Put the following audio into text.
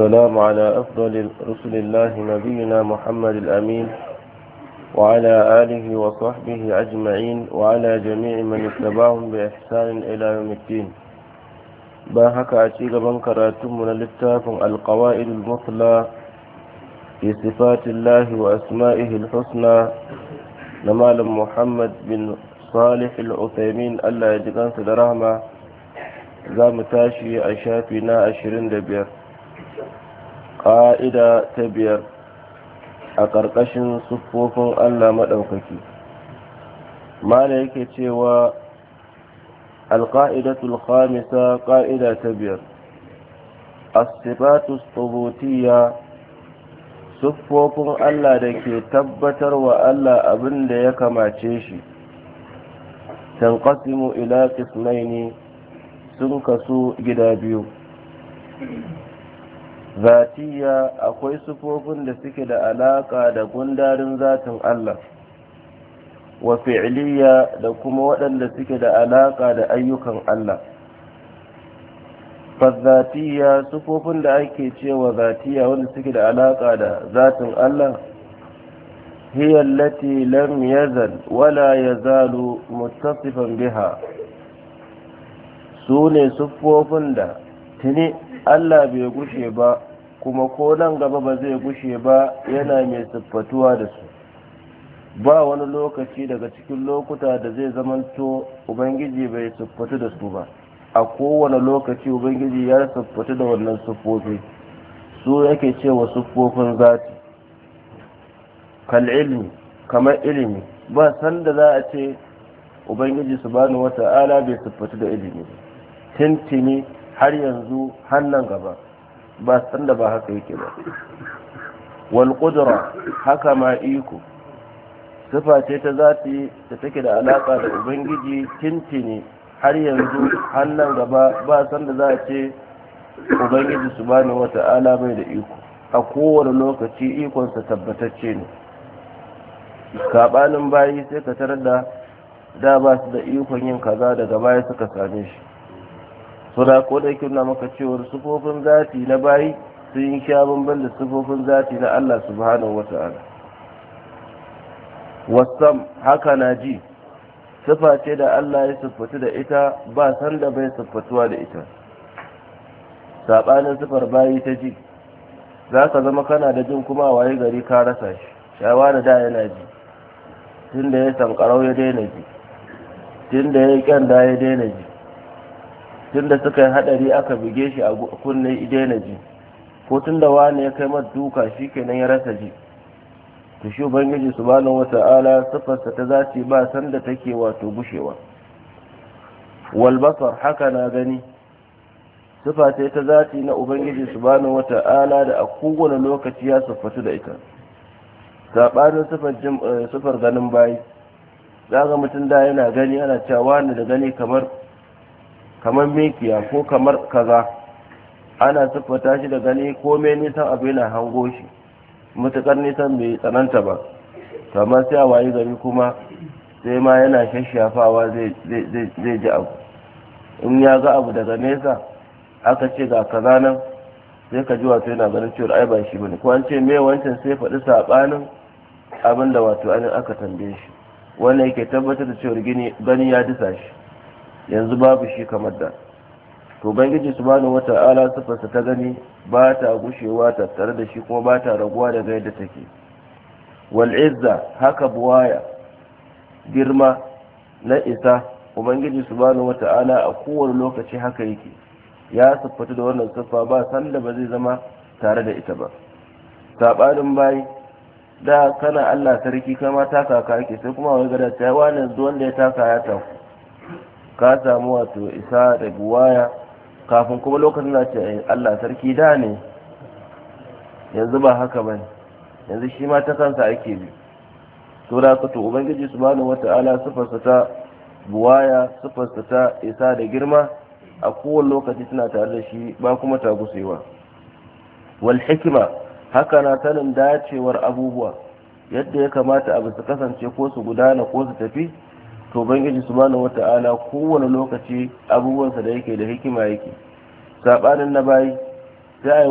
والسلام على أفضل رسل الله نبينا محمد الأمين وعلى آله وصحبه أجمعين وعلى جميع من اتبعهم بإحسان إلى يوم الدين باهك أشيغ من كراتمنا للتافن القوائد المثلى في صفات الله وأسمائه الحسنى نمال محمد بن صالح العثيمين ألا يجدان صدرهما زام تاشي أشافنا أشرين دبير ƙa'ida ta biyar a ƙarƙashin siffofin allah maɗaukaki mana yake cewa alƙa'idatul khamisa ƙa'ida ta biyar asibatus tsubutiyya siffofin allah da ke tabbatar wa allah abin da ya kamace shi tanqasimu ila Kismaini sun kasu gida biyu zatiya akwai sufofin da suke da alaka da gundarin zatin Allah wa fi'liya da kuma waɗanda suke da alaka da ayyukan Allah fazzatiya sufofin da ake cewa zatiya wanda suke da alaka da zatin Allah هي التي لم يزل ولا يزال متصفا بها سوني سفوفن دا تني Allah bai gushe ba kuma ko nan gaba ba zai gushe ba yana mai siffatuwa da su ba wani lokaci daga cikin lokuta da zai zamanto ubangiji bai siffatu da su ba a kowane lokaci ubangiji ya siffatu da wannan siffofi su yake cewa siffofin zati kal ilmi kamar ilimi ba sanda za a ce ubangiji su bani wata ala bai siffatu da ilimi tintini har yanzu hannun gaba ba san da ba haka yake ba wal haka ma iko sifa ce ta zati da take da alaka da ubangiji tintini har yanzu hannan gaba ba san da za a ce ubangiji su subhanahu wata'ala bai da iko a kowane lokaci ikonsa tabbatacce ne kaɓanin bayi sai ka tarar da da ba su da ikon yin kaza daga baya suka same shi suna ko da yake maka cewar sufofin zati na bayi sun yi sha bambam da sufofin zati na Allah subhanahu wa ta'ala wasam haka na ji sifa ce da Allah ya siffatu da ita ba san da bai siffatuwa da ita saɓanin sifar bayi ta ji za ka zama kana da jin kuma waye gari ka rasa shi shawa da da yana ji tun da ya sankarau ya daina ji tun da ya ƙyanda ya daina ji tunda suka yi hadari aka buge shi a kunne idena ji ko tunda wani ya kai mata duka shi kenan ya rasa ji to shi ubangiji subhanahu wata'ala sifarsa ta zaci ba sanda take wato gushewa wal basar haka na gani sifa ce ta zaci na ubangiji subhanahu wata'ala da a kowane lokaci ya siffatu da ita sabanin sifar eh, ganin bayi zaga mutum da yana gani ana cewa wani da gani kamar kamar mekiya ko kamar kaza ana siffata shi da gani ko mai nisan abu yana hango shi matuƙar nisan bai tsananta ba kamar sai a wayi gari kuma sai ma yana shashafawa zai ji abu in ya ga abu daga nesa aka ce ga kaza nan sai ka ji wato yana ganin cewar ai ba shi bane ko an ce me wancan sai faɗi saɓanin abin da wato an aka tambaye shi wannan yake tabbatar da cewar gani ya disa shi yanzu babu shi kamar da to bangiji subhanahu wata'ala sufarsa ta gani ba ta gushewa tattare da shi kuma ba ta raguwa daga yadda take wal izza haka buwaya girma na isa ubangiji subhanahu wata'ala a kowane lokaci haka yake ya siffatu da wannan siffa ba sanda ba zai zama tare da ita ba sabanin bai, da kana Allah sarki kama taka kake sai kuma wani gada ta wani zuwan da ya taka ya taku ka samu wato isa da buwaya kafin kuma lokacin da ce Allah sarki da ne yanzu ba haka bane yanzu shi ma ta kansa ake bi to da ka to ubangiji subhanahu wataala sifarsa ta buwaya sifarsa ta isa da girma a kowane lokaci suna tare da shi ba kuma ta gusewa wal hikima haka na sanin dacewar abubuwa yadda ya kamata abu su kasance ko su gudana ko su tafi to su subhanahu wata'ala kowane lokaci abubuwansa da yake da hikima yake sabanin na bayi sai ai